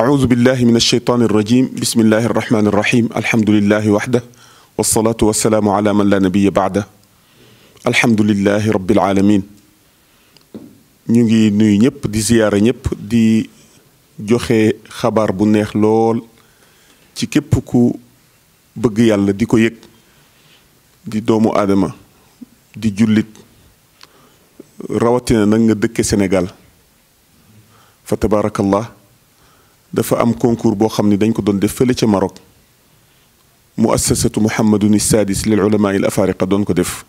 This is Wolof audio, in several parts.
أعوذ بالله من الشيطان الرجيم بسم الله الرحمن الرحيم الحمد لله وحده والصلاة والسلام على من لا نبي بعده الحمد لله رب العالمين نيجي نوي نيب دي زيارة نيب دي جوخي خبر بو لول تي كيب كو بغ يالا ديكو ييك دي دومو ادم دي جوليت رواتينا نغا دكي سنغال فتبارك الله dafa am concours boo xam ne dañ ko doon def fële ca Maroc muassasatu Muhammadun Sadis lil ulama il afariqa doon ko def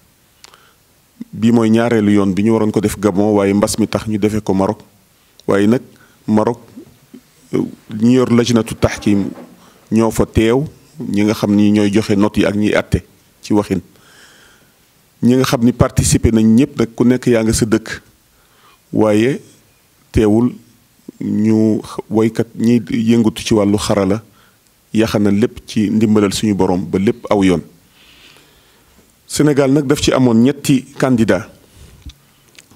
bii mooy ñaareelu yoon bi ñu waroon ko def Gabon waaye mbas mi tax ñu defee ko Maroc waaye nag Maroc ñi yor lajnatu taxkim ñoo fa teew ñi nga xam ni ñooy joxe notes yi ak ñiy àtte ci waxin ñi nga xam participer nañ ñëpp nag ku nekk yaa nga sa dëkk waaye teewul. ñu woykat ñi yëngatu ci wàllu xarala yaxana lépp ci ndimbalal suñu borom ba lépp aw yoon senegal nag daf ci amoon ñetti candidat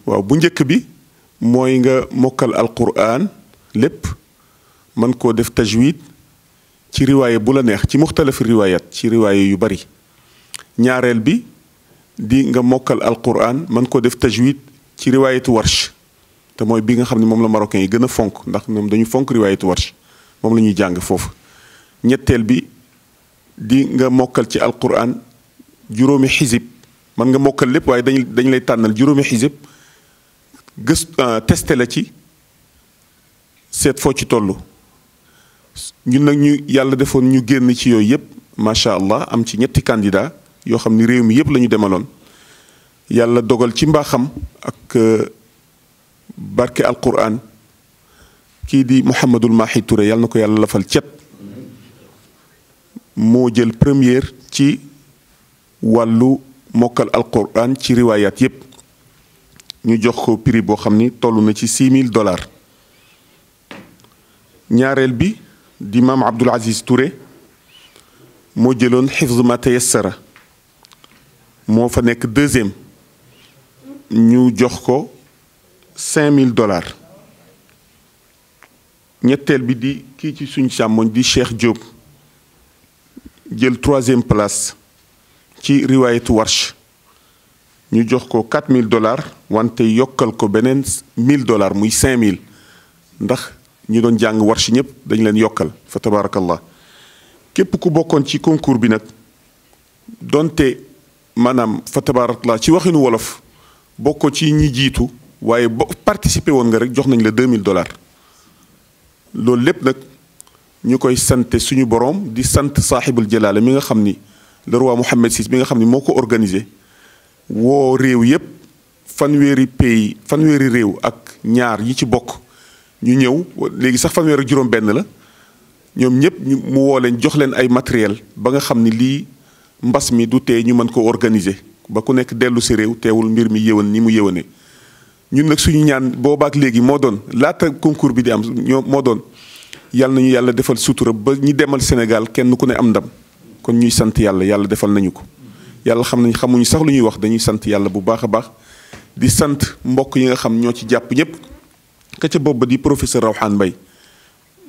waaw bu njëkk bi mooy nga mokkal alquran lépp mën koo def tajwid ci riwaaye bu la neex ci muxtalafi riwaayat ci riwaaye yu bari ñaareel bi di nga mokkal alquran mën koo def tajwid ci riwaayatu warsh te mooy bi nga xam ne moom la marocain yi gën a fonk ndax ñoom dañu fonk riwaayatu warsh moom la ñuy jàng foofu ñetteel bi di nga mokkal ci alquran juróomi xisib man nga mokkal lépp waaye dañ dañ lay tànnal juróomi xisib gës euh, testé la ci seet foo ci toll ñun nag ñu yàlla defoon ñu génn ci yooyu yëpp macha allah am ci ñetti candidat yoo xam ni réew mi yëpp la demaloon yàlla dogal ci mbaaxam ak euh, barke alquran ki di Mouhamadul Mahi Touré yàlla na yàlla lafal cet moo jël première ci wàllu mokkal alquran ci riwayat yeb ñu jox ko prix boo xam ni na ci six dollars ñaareel bi di maam Abdoul Aziz Touré moo jëloon xifz ma tayassara moo fa nekk deuxième ñu jox ko 5000 dollars dit bi di que ci suñ de di Cheikh Diop jël troisième place ci riwayat Warsh ñu jox ko 4000 dollars wante yokal ko benen 1000 dollars muy 5000 ndax ñu doon jang Warsh ñep dañ leen yokal fa tabarakallah képp ku bokkon ci concours bi nak donté Tu fa tabarakallah ci waxinu wolof ci waaye bo participer woon nga rek jox nañ la 2000 dollars loolu lépp nag ñu koy sante suñu boroom di sant saaxibul jalaala mi nga xam ni le roi Mohammed VI mi nga xam ni moo ko organisé woo réew yépp fanweeri pays fanweeri réew ak ñaar yi ci bokk ñu ñëw léegi sax fanweer ak juróom-benn la ñoom ñépp mu woo leen jox leen ay matériel ba nga xam ni lii mbas mi du tee ñu mën ko organiser ba ku nekk dellu si réew teewul mbir mi yéwén ni mu yéwénee. ñu nag suñu ñaan boobaak léegi moo doon laata concours bi di am ñoo moo doon yàlla nañu yàlla defal sutura ba ñi demal Sénégal kenn ku ne am ndam kon ñuy sant yàlla yàlla defal nañu ko yàlla xam nañ xamuñu sax lu ñuy wax dañuy sant yàlla bu baax a baax di sant mbokk yi nga xam ñoo ci jàpp ñëpp ka ca bopp ba di professeur Rawhan mbay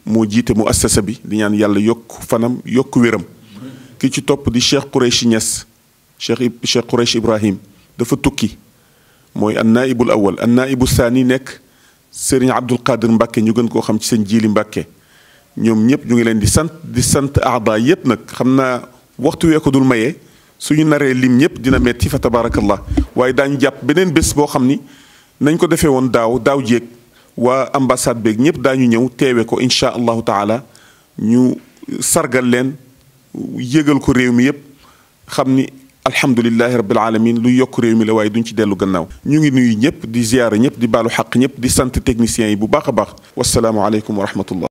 moo jiite mu assasa bi di ñaan yàlla yokk fanam yokk wéram ki ci topp di Cheikh Quraysh Niass Cheikh Cheikh Quraysh Ibrahim dafa tukki mooy annaibul awal annaibu saani nekk sëriñ Abdul Qadir Mbàkke ñu gën koo xam ci seen jiili Mbàkke ñoom ñëpp ñu ngi leen di sant di sant aada yëpp nag xam naa waxtu wee ko dul maye suñu naree lim ñëpp dina metti fa tabaarakallah waaye daañu jàpp beneen bés boo xam ni nañ ko defee woon daaw daaw jéeg waa ambassade beeg ñëpp daañu ñëw teewe ko incha allahu taala ñu sargal leen yëgal ko réew mi yëpp xam ni الحمد لله رب العالمين لو يوك ريو مي لا واي دون ديلو غناو نيغي نوي نييب دي زيار نييب دي بالو حق نييب دي سانت تكنيسيان بو باخ باخ والسلام عليكم ورحمه الله